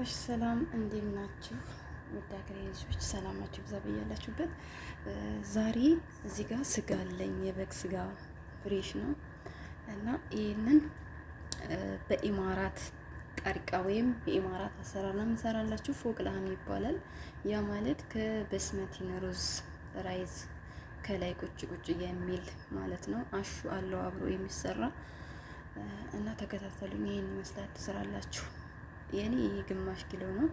እሺ ሰላም እንዴት ናችሁ? ውድ ሀገሬ ልጆች ሰላም ናችሁ? እግዚአብሔር ያላችሁበት። ዛሬ እዚህ ጋር ስጋ አለኝ፣ የበግ ስጋ ፍሬሽ ነው እና ይህንን በኢማራት ጠርቃ ወይም በኢማራት አሰራር ነው የምንሰራላችሁ። ፎቅ ላህም ይባላል። ያ ማለት ከበስመቲን ሩዝ ራይዝ ከላይ ቁጭ ቁጭ የሚል ማለት ነው። አሹ አለው አብሮ የሚሰራ እና ተከታተሉኝ። ይህን ይመስላል ትሰራላችሁ የኔ ይሄ ግማሽ ኪሎ ነው።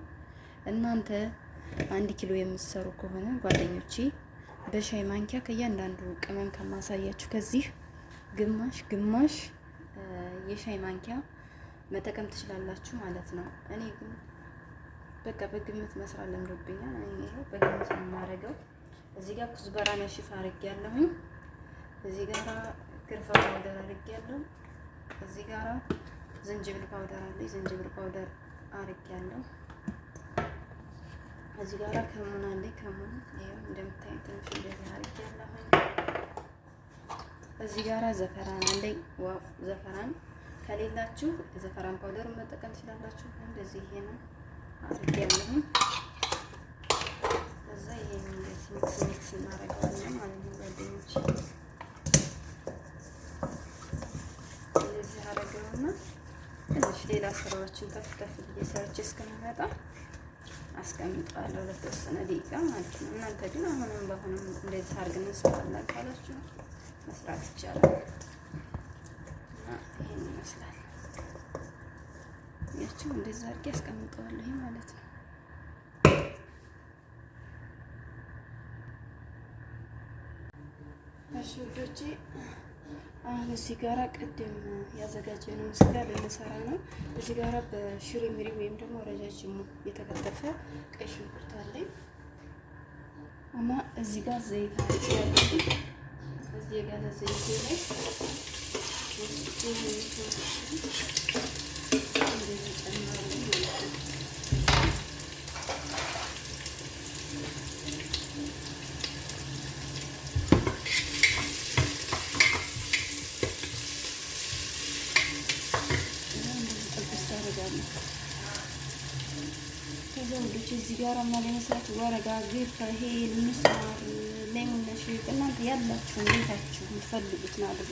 እናንተ አንድ ኪሎ የምትሰሩ ከሆነ ጓደኞቼ በሻይ ማንኪያ ከእያንዳንዱ ቅመም ከማሳያችሁ ከዚህ ግማሽ ግማሽ የሻይ ማንኪያ መጠቀም ትችላላችሁ ማለት ነው። እኔ ግን በቃ በግምት መስራት ለምዶብኛል። እኔ ይሄው በግምት ነው የማደርገው። እዚህ ጋር ኩዝበራ ነሽፍ ያለሁኝ፣ እዚህ ጋራ ግርፋ ፓውደር ያለሁ፣ እዚህ ጋራ ዝንጅብል ፓውደር አለ። ዝንጅብል ፓውደር አርጌያለሁ። እዚህ ጋር ከሙን አለ። ከሙን ይኸው እንደምታይ ትንሽ እንደዚህ አርጌያለሁ። እዚህ ጋር ዘፈራን አለ። ዋው ዘፈራን ከሌላችሁ ዘፈራን ፓውደር መጠቀም ትችላላችሁ። እንደዚህ ይሄን አርጌያለሁ። ስራዎችን ከፍ ከፍ እየሰርች እስክንመጣ አስቀምጣለሁ ለተወሰነ ደቂቃ ማለት ነው። እናንተ ግን አሁንም በአሁንም እንደዚህ አድርገን እንሰራለን ካላችሁ መስራት ይቻላል እና ይሄን ይመስላል። ያቸው እንደዚህ አድርጌ አስቀምጠዋለሁ ማለት ነው። እሺ ውዶቼ አሁን እዚህ ጋራ ቅድም ያዘጋጀነው ስጋ ልንሰራ ነው። እዚህ ጋራ በሽሪ ሚሪ ወይም ደግሞ ረጃጅሙ የተከተፈ ቀይ ሽንኩርት አለኝ እና እዚህ ጋር ዘይት አለ። እዚህ ጋር ዘይት ላይ እንደዚህ እዚህ ጋር ምናምን የመስራችሁ ወረጋ፣ ግርፈ፣ ሄል፣ ምስማር፣ ሌሙን ነሽቅ እናንተ ያላችሁን ቤታችሁ የምትፈልጉትን አድርጉ።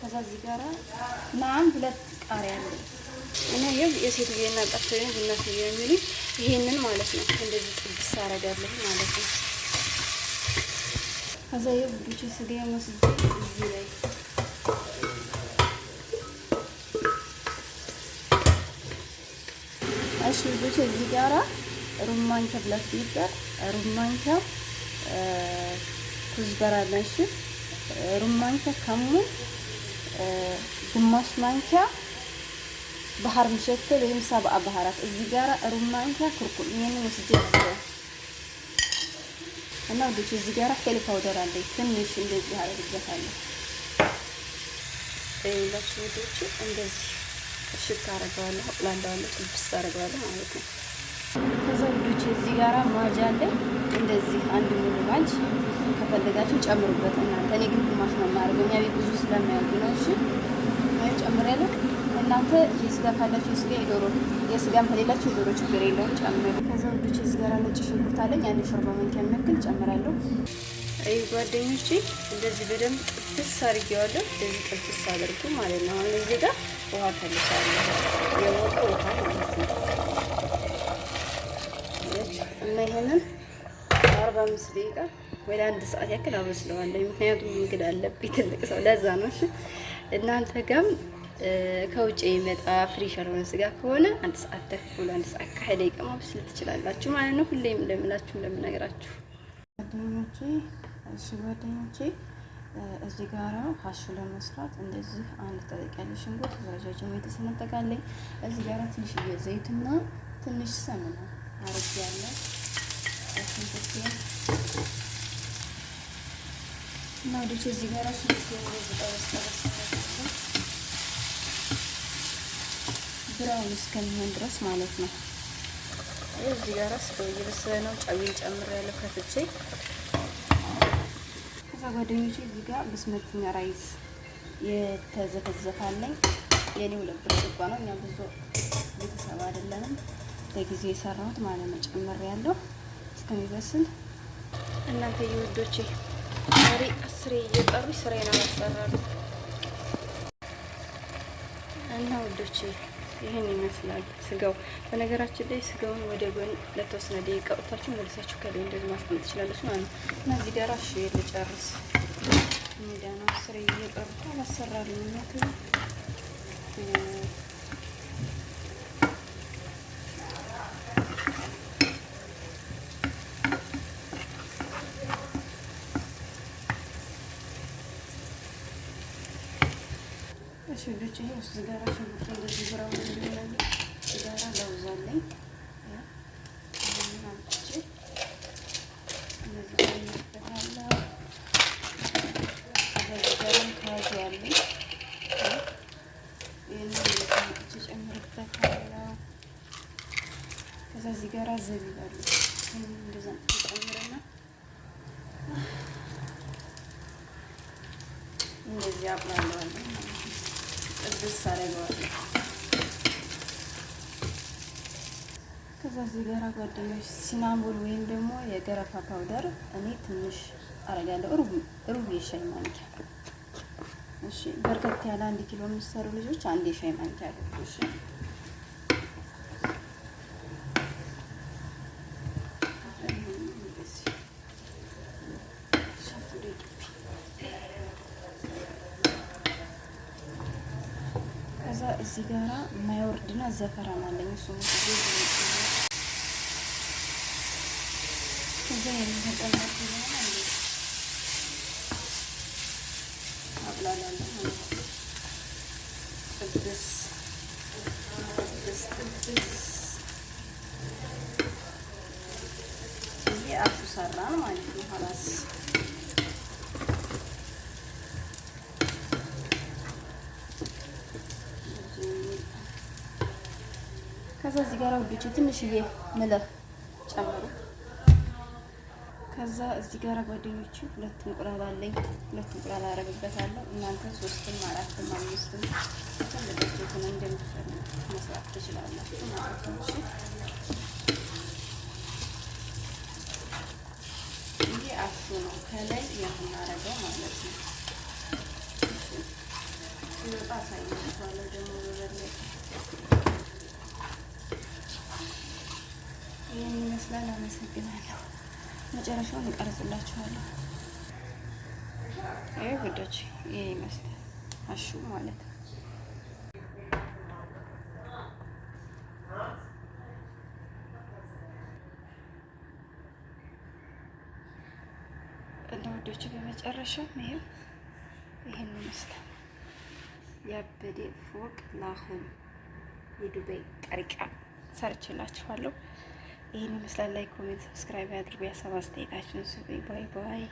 ከዛ እዚህ ጋር ማን ሁለት ቃሪያ አለ እና ይህ የሴትዮ እናጣቸው ወይም እናትዮ የሚሉኝ ይህንን ማለት ነው። እንደዚህ ጥብስ አደርጋለሁ ማለት ነው። ከዛ የብዶች ስጋ መስጅ እዚህ ላይ እሺ ልጆች እዚህ ጋራ ሩማንከ ብላችሁ ይባል ሩማንከ ኩዝበራለን። እሺ ሩማንከ ከሙን ግማሽ ማንኪያ ባህር ምሸክል ወይም ሰብአ ባህራት እዚህ ጋራ ሩማንከ ኩርኩም ይሄን ወስጄ እና ወደዚህ እዚህ ጋራ ከሊ ፓውደር አለ ትንሽ እንደዚህ አደርግበታለሁ። ይኸውላችሁ ወዶቹ እንደዚህ እሽት አደርገዋለሁ፣ ላንዳዋለሁ፣ ጥብስ አረጋለሁ ማለት ነው። ውዶች እዚህ ጋራ ማጃ አለ። እንደዚህ አንድ ሙሉ ማጅ ከፈለጋችሁ ጨምሩበት እናንተ። እኔ ግን ግማሽ ነው የማደርገው፣ እኛ ቤት ብዙ ስለማያውቁ ነው። እሺ ጨምር ያለ እናንተ የስጋ ካላችሁ የስጋ የዶሮ የስጋም ከሌላችሁ የዶሮ ችግር የለውም ጨምር ከዛ ውዶች እዚህ ጋራ ነጭ ሽንኩርት አለኝ። አንድ ሾርባ ማንኪያ የሚያክል ጨምራለሁ። አይ ጓደኞቼ እንደዚህ በደንብ ጥብስ አድርጌዋለሁ። እንደዚህ ጥብስ አድርጉ ማለት ነው። አሁን እዚህ ጋር ውሃ ከልሳለሁ፣ የሞቀ ውሃ ማለት ነው። እና ይሄንን አርባ አምስት ደቂቃ ወደ አንድ ሰዓት ያክል አበስለዋለሁ። ምክንያቱም እንግዳ አለብኝ ትልቅ ሰው ለዛ ነው። እናንተ ጋም ከውጭ የሚመጣ ፍሬሽ ያልሆነ ስጋ ከሆነ አንድ ሰዓት ተኩል አንድ ሰዓት ከሀያ ደቂቃ ማብስል ትችላላችሁ ማለት ነው። ሁሌም እንደምላችሁ እንደምነግራችሁ ጓደኞቼ፣ እሺ ጓደኞቼ እዚህ ጋራ ሀሹ ለመስራት እንደዚህ አንድ ጠበቅ ያለ ሽንኩርት ረጃጅም የተሰነጠቃለኝ እዚህ ጋራ ትንሽዬ ዘይትና ትንሽ ሰምና አርግ ያለ እና ወደ እዚህ ጋር ብራውን እስከሚሆን ድረስ ማለት ነው። እዚህ ጋር ስለው እየበሰለ ነው። ጨውን ጨምር ያለው ከፍቼ ከዛ ጓደኞቼ እዚህ ጋር ብስመትኛ ራይስ የተዘፈዘፋለኝ የኔ ሁለት ብርጭቆ ነው። እኛ ብዙ ቤተሰብ አይደለንም። ለጊዜው የሰራሁት ማለት ነው። ጨምር ያለው እስከሚበስል እናንተ የወዶቼ ዛሬ አስሬ እየጠሩ ስራዬን አላሰራሉ እና ወዶቼ ይህን ይመስላል ስጋው። በነገራችን ላይ ስጋውን ወደ ጎን ለተወሰነ ደቂቃ ወጥታችሁ መልሳችሁ ከላይ እንደዚህ ማስቀመጥ ትችላለች ማለት ነው። እና እዚህ ደራሽ ልጨርስ ሚዳ ነው ስሬ እየጠሩ አላሰራሉ እናት ልጆች ይሄ ውስጥ ጋራ ሽንኩርት እንደዚህ ብራውን እንዲሆናል። ጋራ ለውዝ አለኝ አምጥቼ እነዚህ ጨምርበታለሁ። ከዚህ እንደዛ ጨምርና እንደዚህ አቁላለዋለሁ ማለት ነው። ጥብስ አደርገዋለሁ። ከዛ እዚህ ጋራ ጓደኞች ሲናሙል ወይም ደግሞ የገረፋ ፓውደር እኔ ትንሽ አረጋለሁ። ሩብ የሻይ ማንኪያ። እሺ፣ በርከት ያለ አንድ ኪሎ የሚሰሩ ልጆች አንድ የሻይ ማንኪያ አድርጉ። እሺ እዚህ ጋራ ማይወርድና ዘፈራን አለኝ እሱ ከዛ እዚህ ጋር ውዶቼ ትንሽዬ ምልህ ጨምሩ። ከዛ እዚህ ጋር ጓደኞች ሁለት እንቁላል አለኝ። ሁለት እንቁላል አረግበታለሁ። እናንተ ሶስትም አራትም አምስትም ትልቅቱን እንደምትፈልጉ መስራት ትችላላችሁ ማለት ነው። ይሄ አሹ ነው ከላይ የምናደርገው ማለት ነው። ደግሞ በበለጠ ይመስላል። አመሰግናለሁ። መጨረሻውን እቀርጽላችኋለሁ። ይሄ ይመስላል አሹ ማለት ነው። እና ውዶች በመጨረሻም ይሄው ይመስላል ያበዴ ፎቅ ላሁን የዱባይ ቀሪቃ ሰርችላችኋለሁ። ይህን ይመስላል። ላይክ፣ ኮሜንት፣ ሰብስክራይብ አድርጉ። ያሳብ አስተያየታችሁን ስጡ። ባይ ባይ።